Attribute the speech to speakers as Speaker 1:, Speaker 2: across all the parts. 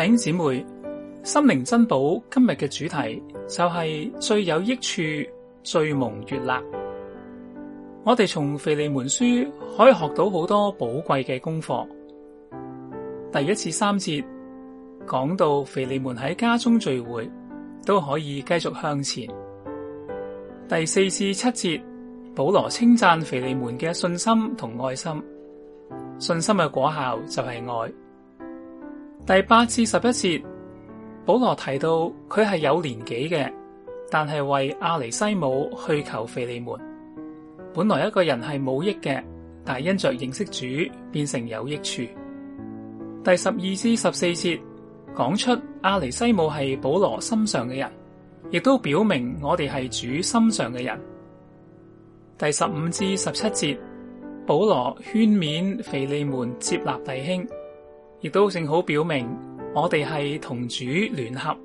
Speaker 1: 弟兄姊妹，心靈珍寶今日嘅主題就係最有益處，最蒙悅納。我哋從腓利門書可以學到好多寶貴嘅功課。第一次三節講到腓利門喺家中聚會，都可以繼續向前。第四至七節，保羅稱讚腓利門嘅信心同愛心，信心嘅果效就係愛。第八至十一節，保羅提到佢係有年紀嘅，但係為阿尼西母去求腓利門。本來一個人係冇益嘅，但係因着認識主，變成有益處。第十二至十四節講出阿尼西母係保羅心上嘅人，亦都表明我哋係主心上嘅人。第十五至十七節，保羅勸勉腓利門接納弟兄。亦都正好表明，我哋係同主聯合，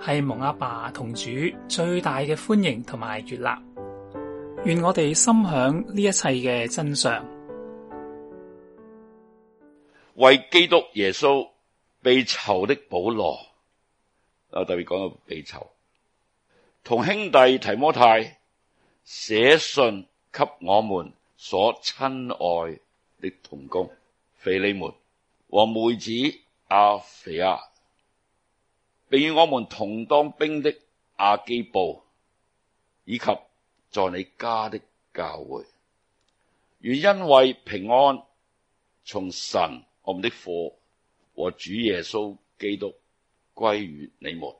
Speaker 1: 係蒙阿爸同主最大嘅歡迎同埋悅納。願我哋心享呢一切嘅真相。
Speaker 2: 為基督耶穌被囚的保羅，啊，特別講到被囚，同兄弟提摩太寫信給我們所親愛的同工腓利門。和妹子亞腓亞，並與我們同當兵的亞基布，以及在你家的教會，願恩惠、平安從神我們的父和主耶穌基督歸於你們。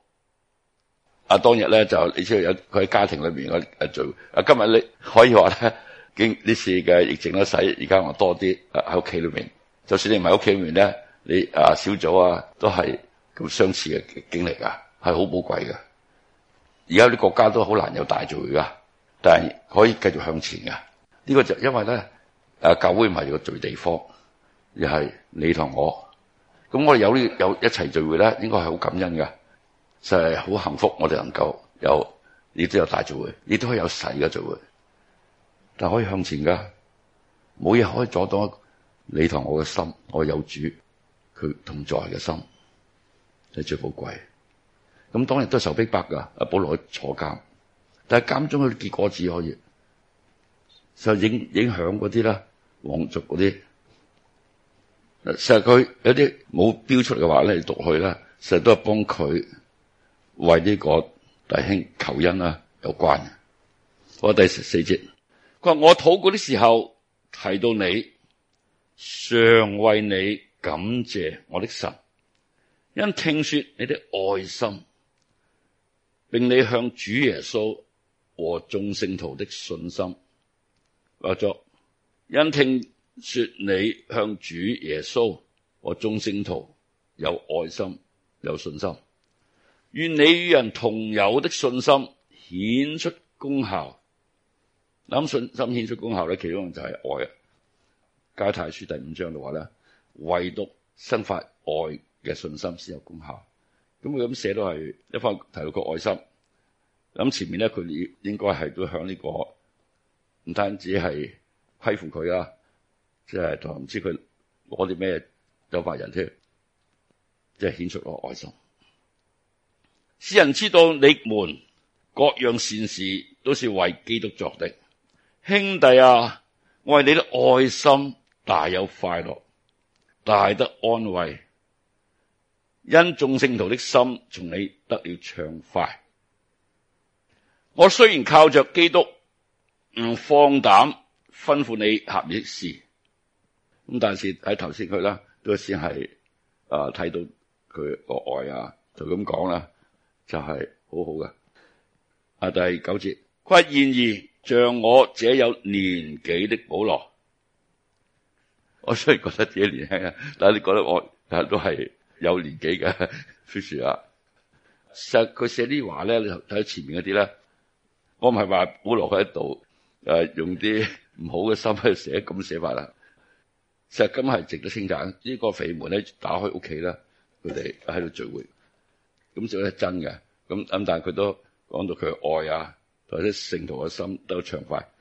Speaker 2: 啊，當日咧，就你知道有佢喺家庭裏面嘅聚會。啊，今日你可以話咧，經呢次嘅疫情咧，使而家我多啲啊喺屋企裏面。就算你唔喺屋企入面咧，你啊小組啊都係咁相似嘅經歷啊，係好寶貴嘅。而家啲國家都好難有大聚會噶，但係可以繼續向前噶。呢、這個就是因為咧，誒教會唔係個聚地方，而係你同我。咁我哋有有一齊聚會咧，應該係好感恩噶，就係、是、好幸福我們能夠有。我哋能夠有亦都有大聚會，亦都可以有細嘅聚會，但係可以向前噶，冇嘢可以阻擋。你同我嘅心，我有主，佢同在嘅心你、就是、最寶貴。咁當然都受逼迫噶，阿保羅去坐監，但係監中佢結果只可以，就影影響嗰啲啦，皇族嗰啲。日佢有啲冇標出嚟嘅話咧，你讀去啦。日都係幫佢為呢個弟兄求恩呀有關。我第四節、節，佢話我禱告啲時候提到你，常為你感謝我的神，因聽說你的愛心，並你向主耶穌和眾聖徒的信心，或作因聽說你向主耶穌和眾聖徒有愛心、有信心，願你與人同有的信心顯出功效。咁信心顯出功效咧，其中就係愛啊。《加太書》第五章嘅話咧，唯獨生發愛嘅信心先有功效。咁佢咁寫都係一翻提到個愛心。咁前面咧，佢應應該係都響呢個唔單止係虧負佢啊，即係同唔知佢攞啲咩有法人添，即係顯出個愛心。使人知道你們各樣善事都是為基督作的，兄弟啊，我係你嘅愛心。大有快樂，大得安慰，因眾聖徒的心從你得了暢快。我雖然靠着基督唔放膽吩咐你合宜的事，咁但是喺頭先佢啦都先係、呃、啊睇到佢個愛啊就咁講啦，就係、就是、好好嘅。啊，第九節，不然而像我這有年紀的保羅。我雖然覺得自己年輕啊，但係你覺得我都係有年紀嘅 f i u s 啊。實佢寫啲話咧，睇前面嗰啲咧，我唔係話保羅喺度，誒用啲唔好嘅心喺度寫咁寫法啦。實今係值得稱讚，呢、呢個腓門咧打開屋企啦，佢哋喺度聚會，咁就係真嘅。咁咁但係佢都講到佢愛啊，或者聖徒嘅心都暢快。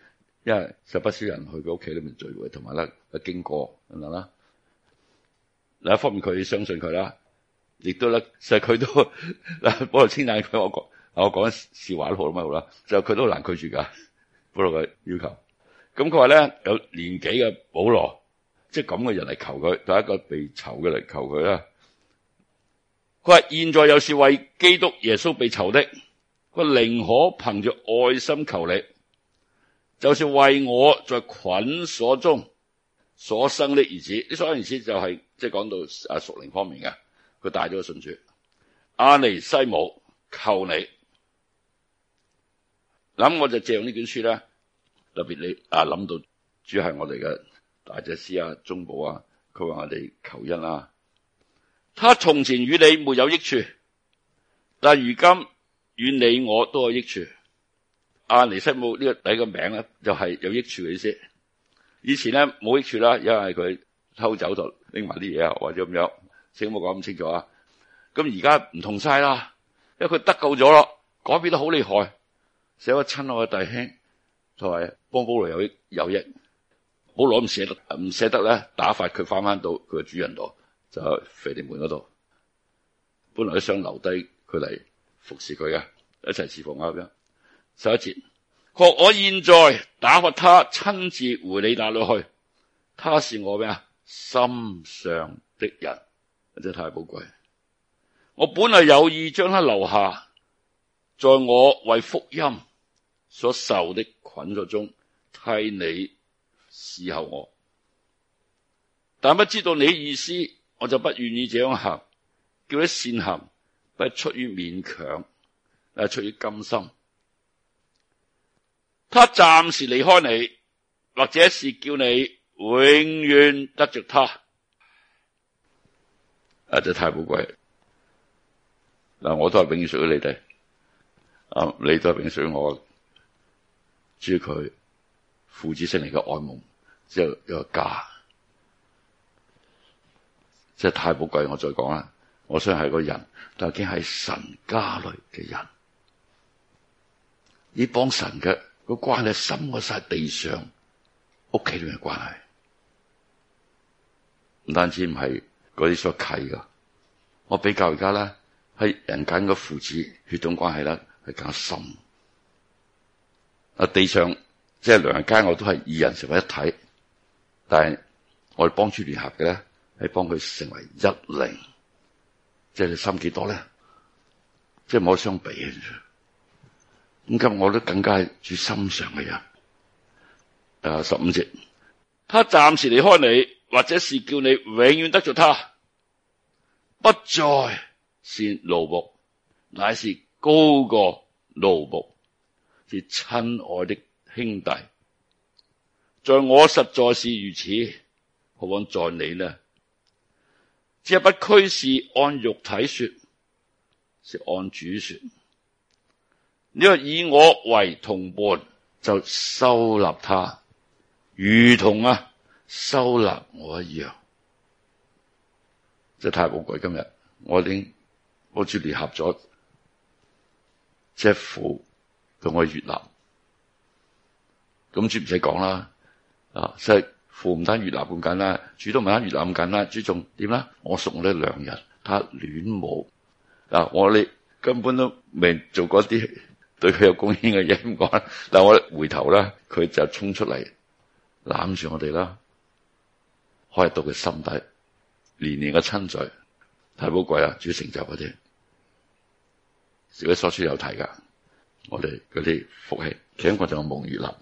Speaker 2: 因為實不少人去佢屋企裏面聚會，同埋咧，佢經過，啦。另一方面，佢相信佢啦，亦都咧，實佢都嗱，保羅稱讚佢我講，我講笑話都好啦，好啦，就佢都好難拒絕噶，保羅嘅要求。咁佢話咧，有年紀嘅保羅，即係咁嘅人嚟求佢，第一個被囚的來求嘅嚟求佢啦。佢話現在又是為基督耶穌被囚的，佢寧可憑住愛心求你。就是為我在捆鎖中所生的兒子，呢所兒子就係即係講到阿屬靈方面嘅，佢帶咗個信主，阿尼西母求你，咁我就借用呢卷書啦。特別你啊諗到主係我哋嘅大祭司、啊、中保啊，佢話、啊、我哋求恩啊，他從前與你沒有益處，但如今與你我都有益處。阿尼西母呢個第一個名咧，就係有益處嘅意思。以前咧冇益處啦，因為佢偷走咗拎埋啲嘢啊，或者咁樣，請冇講咁清楚啊。咁而家唔同晒啦，因為佢得救咗咯，改變得好厲害。寫咗親愛嘅弟兄，就係幫保羅有益有益，好耐唔捨得唔捨得咧，打發佢翻翻到佢嘅主人度，就腓利門嗰度。本來都想留低佢嚟服侍佢嘅，一齊侍奉我。首一節，我我現在打發他親自回你那裡去。他是我咩啊？心上的人，真係太寶貴。我本來有意將他留下，在我為福音所受的捆鎖中替你伺候我，但不知道你的意思，我就不願意這樣行。叫佢善行，不出於勉強，但出於甘心。他暫時離開你，或者是叫你永遠得着他，啊，這、就是、太寶貴。嗱、啊，我都係永遠屬於你哋，啊，你都係永遠屬於我。諸佢父子心嚟嘅愛慕，之、就、係、是、一個家，即、就、係、是、太寶貴。我再講啦，我雖然係個人，究竟係神家裏嘅人，以幫神嘅。佢關係深過晒地上屋企裏面嘅關係，唔單止唔係嗰啲所契噶，我比較而家咧，係人間嘅父子血統關係啦，係更加深。啊，地上即係兩家，我都係二人成為一體，但係我哋幫主聯合嘅咧，係幫佢成為一靈，即係深幾多咧？即係冇得相比的。咁今日我都更加係主心上嘅人，第、uh, 十五節，他暫時離開你，或者是叫你永遠得着他，不再是奴僕，乃是高過奴僕，是親愛的兄弟。在我實在是如此，何況在你呢？係不拘是按肉體說，是按主說。你話以我為同伴，就收納他，如同啊收納我一樣。即係太寶貴，今日我已經好似聯合咗，即係父同我悅納，咁主唔使講啦。啊，即係父唔單悅納咁緊啦，主都唔單悅納咁緊啦。主仲點啦？我屬我良人，他戀慕嗱，我哋根本都未做過一啲，對佢有貢獻嘅嘢咁講，但係我回頭呢，呢佢就衝出嚟攬住我哋啦，開到佢心底，連年年嘅親嘴，太寶貴呀，主成就嗰啲，自己所處有提噶，我哋嗰啲福氣，其中一個就係蒙悅納。